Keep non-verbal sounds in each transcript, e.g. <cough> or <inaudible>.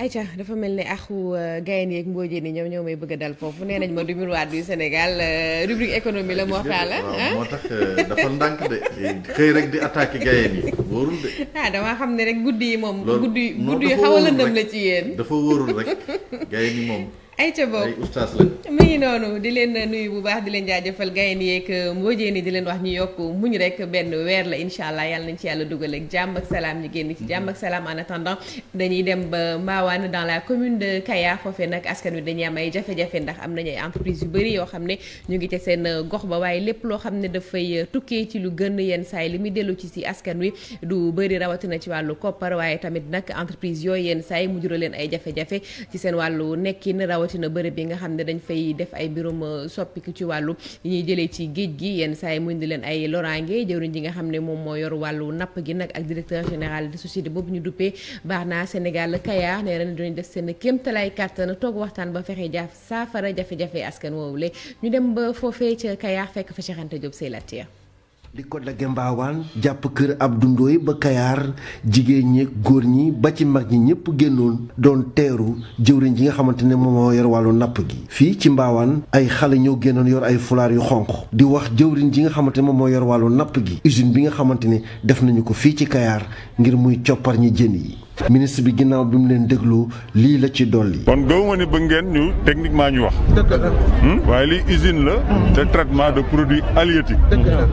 Aïcha dafa mel ni axu euh, gayen yeeg mboojee ni ñoom ñoo may bëgg a dal foofu nee nañ ma du miroir du Sénégal euh, rubrique économie la moo tax la moo tax euh, dafa ndànk de xëy rek di attaqué gayen yi wóorul de ah damaa xam ne rek guddi yi moom guddi guddi yi xaw a la ci yéen dafa wóorul rek gayen yi moom ayca boobu ay oustaz la mu noonu di leen nuyu bu baax di leen jaajëfal gayen yeeg euh, mboojee ni di leen wax ñu yokk muñ rek benn weer la incha allah yàlla nañ ci yàlla dugal ak jàmm ak salaam ñu génn ci jàmm ak salaam en dañuy dem ba Mbawane dans la commune de Kaya foofee nag askan wi dañuy am ay jafe-jafe ndax am nañu ay entreprise yu bëri yoo xam ne ñu ngi ca seen euh, gox ba waaye lépp loo xam ne dafay euh, tukkee ci lu gën yenn saa yi li muy dellu ci si askan wi du bëri rawatina ci wàllu koppar waaye nag entreprise yooyu yenn saa mu jural leen ay jafe ci seen wàllu rawatina bërëb yi nga xam ne dañ fay def ay mbirum euh, soppiku ci wàllu yi ñuy jëlee ci géej gi yenn saa yi mu ndi leen ay loraange jëwriñ ji nga xam ne moom moo yor wàllu napp gi nag ak directeur général de société boobu ñu duppee Barna Sénégal Kayar nee na dañu def seen kéemtalaay kàttan toog waxtaan ba fexe jaaf saafara jafe-jafe askan woowule ñu dem ba foofee ca Kayar fekk fa Cheikh Anta Diop say li ko dagge mbaawaan jàpp kër ab Ndoye ba Kayaar jigéen ñi góor ñi ba ci mag ñi ñëpp génnoon doon teeru jëwriñ ji nga xamante ne moom yor wàllu napp gi fii ci mbaawaan ay xale ñoo génnoon yor ay fulaar yu xonq di wax jëwriñ ji nga xamante ne moom moo yor wàllu napp gi usine bi nga xamante ne def nañu ko fii ci Kayaar ngir muy coppar ñi jën yi ministre bi ginnaaw bi mu leen déglu lii la ci dolli. kon gëwuma ne bëgg ngeen ñu techniquement ñu wax. Hmm? waaye lii usine la. Hmm. te traitement de produits halieutiques.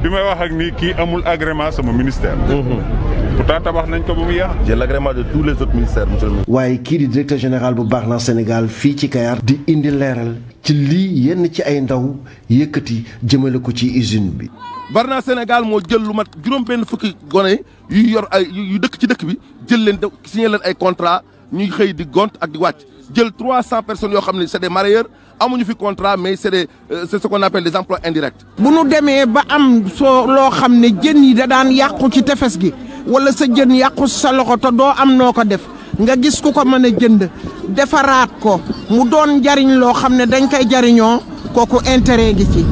bi may wax ak ni kii amul agrément sama ministère. Hmm. pourtant tabax nañ ko ba mu yàq. j'ai l'agrément de tous les autres ministères monsieur le ministre. waaye kii di directeur général bu baax na Sénégal fii ci Kayar. di indi leeral ci lii yenn ci ay ndaw yëkkati jëmale ko ci usine bi. Barna Sénégal moo jël lu mat juróom benn fukki gone yu yor ay yu dëkk ci dëkk bi jël leen de signé leen ay contrat ñuy xëy di gont ak di wàcc jël trois cent personnes yoo xam ne c'est des mareyeurs amuñu fi contrat mais c'est des euh, c'est ce qu'on appelle emplois indirects. bu nu demee ba am soo loo xam ne jën yi da daan yàqu ci tefes gi. wala sa jën yàqu sa loxo to doo am noo ko def nga gis ku ko mën a jënd defaraat ko mu doon jariñ loo xam ne dañ koy jariñoo kooku intérêt gi ci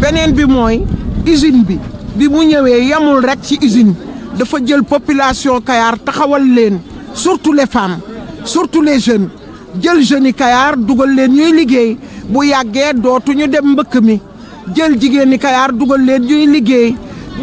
beneen bi mooy usine bi bi mu ñëwee yamul rek ci usine dafa jël population Kayar taxawal leen surtout les femmes surtout les jeunes jël jeunes yi Kayar dugal leen ñuy liggéey bu yàggee dootuñu dem mbëkk mi jël jigéen ñi Kayar dugal leen ñuy liggéey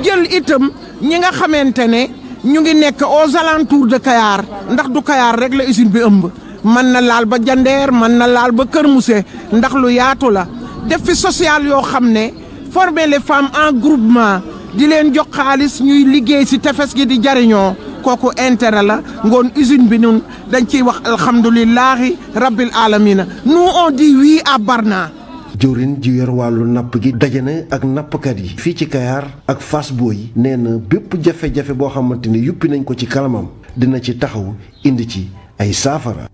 jël itam ñi nga xamante ne ñu ngi nekk aux alentours de Kayar ndax du kayaar rek la usine bi ëmb mën na laal ba Jandeer mën na laal ba Kër Mousse ndax lu yaatu la def fi social yoo xam ne formele les femmes en groupement di leen jox xaalis ñuy liggéey si tefes gi di jariñoo kooku intérêt la ngoon usine bi nun dañ ciy wax alhamdulilahi rabbil alamina nous on dit oui à Barna jëwrin ji yor wàllu napp gi daje na ak nappkat yi fii ci Kayar ak fas Boye nee na bépp jafe-jafe boo xamante ni yuppi nañ ko ci kanamam dina ci taxaw indi ci ay saafara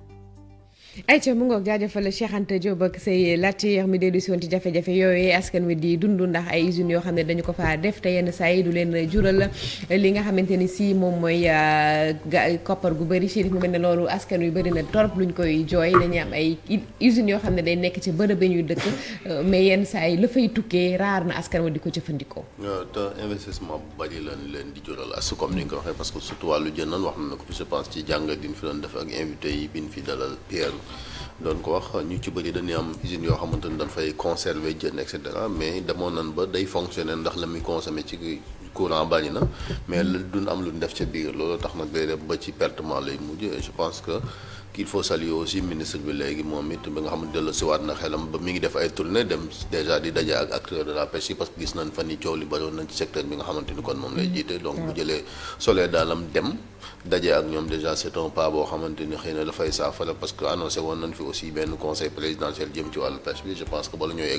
ayca mu ngoog jaajëfal Cheikh Anta Diop ak say latir mi dellu si woon ci jafe-jafe yooyu askan wi di dundu ndax ay usines yoo xam ne dañu ko fa def te yenn saa du leen jural li nga xamante ni si moom mooy euh, koppar gu bëri si mu ne loolu askan wi bëri na torop luñ koy jooy dañuy am ay usines yoo xam ne day nekk ci bërëb yi ñuy dëkk euh, mais yenn sa ay la fay tukkee raar na askan wi di ko jëfandikoo. Euh, te investissement bu bëri lañ leen di jural as comme ni nga ko waxee parce que surtout wàllu jëndal wax na ko fi je pense ci jàngat bi ñu fi doon def ak invité yi bi ñu fi dalal Pierre. doon ko wax ñu ci bëri dañuy am usines yoo xamante ni dañ fay conserver jën et cetera mais demoon nañ ba day fonctionner ndax la muy consommer ci courant bari na mais mm-hmm. duñ am lu ñu def ca biir loolu tax nag day dem ba ci pertement lay mujj et je pense que il faut saluer aussi ministre bi léegi moom it bi nga xam ne dellusiwaat na xelam ba mi ngi def ay tournée dem déjà di daje ak acteur de la parce que gis mm-hmm. ñoom déjà c'est boo xamante ni xëy na dafay saafara parce que annoncé woon nañ fi aussi benn conseil présidentiel jëm ci wàllu pêche bi je pense que bala ñoo euh,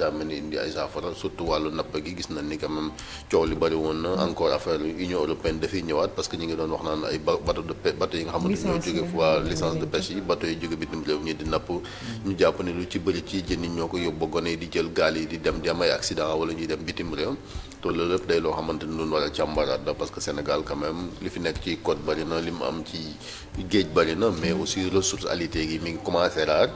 a indi ay saafara surtout wàllu napp gi gis nañ ni quand même coow li bari woon na mm-hmm. encore affaire union européenne dafiy ñëwaat parce ñu ngi doon wax naan ay bateau de pêche bateau yi nga xamante ni ñoo jóge fu waa licence de pêche yi bateau yi jóge bitim réew ñi di napp ñu jàpp ne lu ci bëri ci jën yi ñoo ko yóbbu gone yi di jël gaal yi di dem di am accident wala ñuy dem bitim réew te loolu lépp day loo xamante ni war a càmbaraat parce que Sénégal quand li fi nekk ci côte bari li mu am ci géej bari mais mm-hmm. aussi ressources halieutiques yi mi ngi commencé raar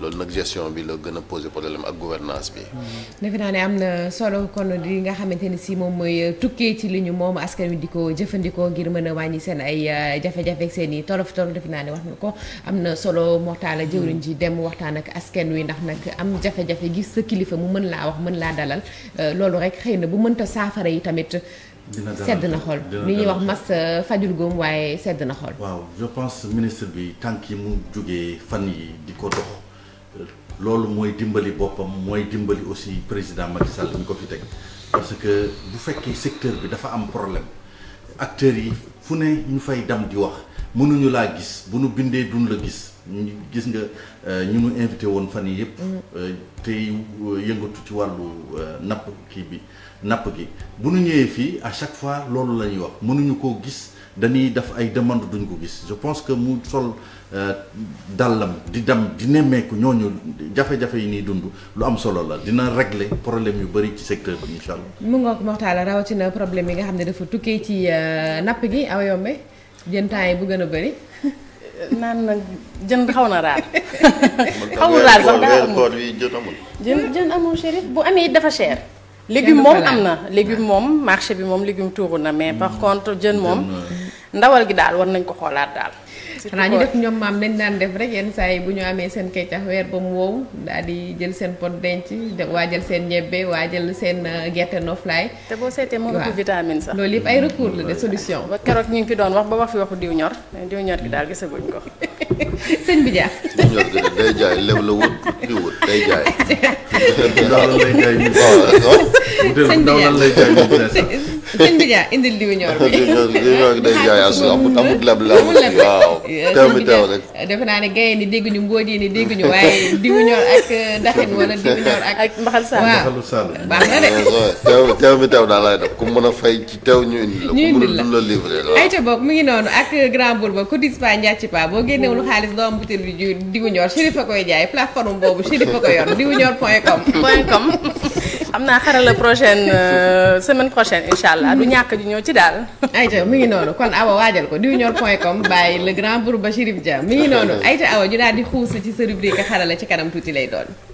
loolu nag gestion bi la gën a posé problème ak gouvernance bi. Mm-hmm. defe naa ne am na solo kon li nga xamante ni si moom mooy tukkee ci li ñu moom askan wi di ko jëfandikoo ngir mën a wàññi seen ay euh, jafe seen i tolof defe naa ne wax na ko am na solo Mortalla mm-hmm. jëwriñ ji dem waxtaan ak asken wi ndax nag am jafe-jafe gis sa kilifa mu mën laa wax mën laa dalal euh, loolu rek xëy na bu mënta saafara yi tamit. sedd na xol li ñuy wax mas euh, fajul góom waaye sedd na xol. waaw je pense ministre bi tànk yi mu jógee fan yi di ko dox loolu mooy dimbali boppam mooy dimbali aussi président Macky Sall ñu ko fi teg parce que bu fekkee secteur bi dafa am problème acteurs yi fu ne ñu fay dem di wax. mënuñu laa gis bu nu bindee dun la gis ñu gis nga euh, ñu nu invité woon fan yi yëpp mm. euh, tey euh, yëngatu ci wàllu napp kii bi napp gi bu nu ñëwee fii à chaque fois loolu la ñuy wax mënuñu koo gis dañuy def ay demando duñ ko gis je pense que mu sol dàllam di dem di nemmeeku ñooñu jafe-jafe yi ñuy dund lu am solo la dina régler problème yu bari ci secteur bi incha allah. mu ngoog Mokhtar rawatina problème yi nga xam ne dafa tukkee ci napp gi aw yombe jën temps bu gën a bëri. <laughs> naan nag jën xaw na raar. <laughs> xawul raar sax daa amul jën jën amul chérif bu amee dafa cher. légume moom am na légume moom marché bi moom légume tuuru na mais par hmm. contre jën moom. ndawal gi daal war nañ ko xoolaat daal. xanaa ñu def ñoom maam nañ daan def rek yenn saa yi bu ñu amee seen kaytax weer ba mu wow daal di jël seen pot denc waa jël seen ñebbe waa jël seen euh, gerte noflaay. te boo seetee moom ëpp vitamine sax. loolu yëpp ay recours la de solution. ba keroog ñu ngi fi doon wax ba wax fi waxu diw ñor diw ñor gi daal gisaguñ ko. <laughs> <laughs> sëñ bi jaar. day jaay lew la wut di wut day jaay. ndawal lay jaay ñu sëñ bi jaar indil diw ñor bi. day jaay asalaam amul leb la amul leb waaw. teew bi teew rek. defe naa ne gaye ni dégguñu mbóot yi ni dégguñu waaye diw ñor ak eh, daxin wala diw ñor ak. ak mbaxal sànni mbaxalu sànni. baax na de teew teew bi teew daal laay def ku mën a fay ci teew ñu indil la. ñu indil la ku mën a livré la. ayca boog mi ngi noonu ak grand bourba ku dis pa ñàcc pa boo génne amul xaalis doo am butéel bi ju diwu ñor Chérif a koy jaay plateforme boobu Chérif a ko yor <laughs> diwu ñor point com. <laughs> point com xam naa xarala prochaine euh, semaine prochaine incha allah du ñàkk ju ñëw ci daal. ayca <laughs> mi ngi noonu kon awa waajal ko diwu ñor point com bàyyi le grand bourba Chérif Dia mi ngi noonu ayca awa ñu daal di xuus ci sa rubrique xarala ci kanam tuuti lay doon.